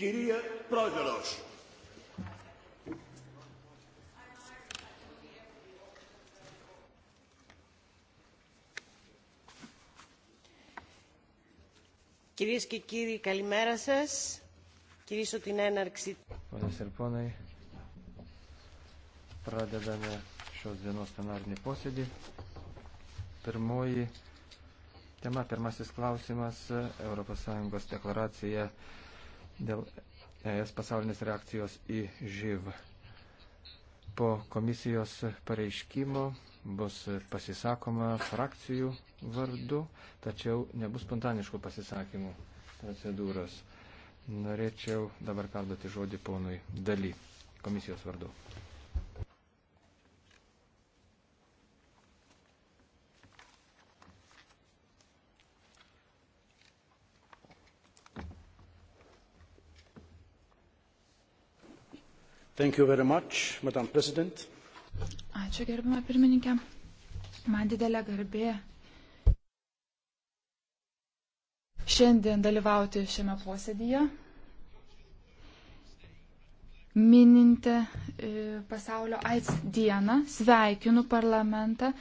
Κυρία Πρόεδρος. Κυρίες και κύριοι, καλημέρα σας. Κυρίσω την έναρξη. Ponios ir ponai, pradedame šios dienos plenarinį posėdį. Pirmoji tema, pirmasis klausimas, ES deklaracija dėl ES pasaulinės reakcijos į živ. Po komisijos pareiškimo bus pasisakoma frakcijų vardu, tačiau nebus spontaniškų pasisakymų procedūros. Norėčiau dabar perduoti žodį ponui daly komisijos vardu. Much, Ačiū gerbimą pirmininkę. Man didelė garbė šiandien dalyvauti šiame posėdyje, mininti e, pasaulio AIDS dieną, sveikinu parlamentą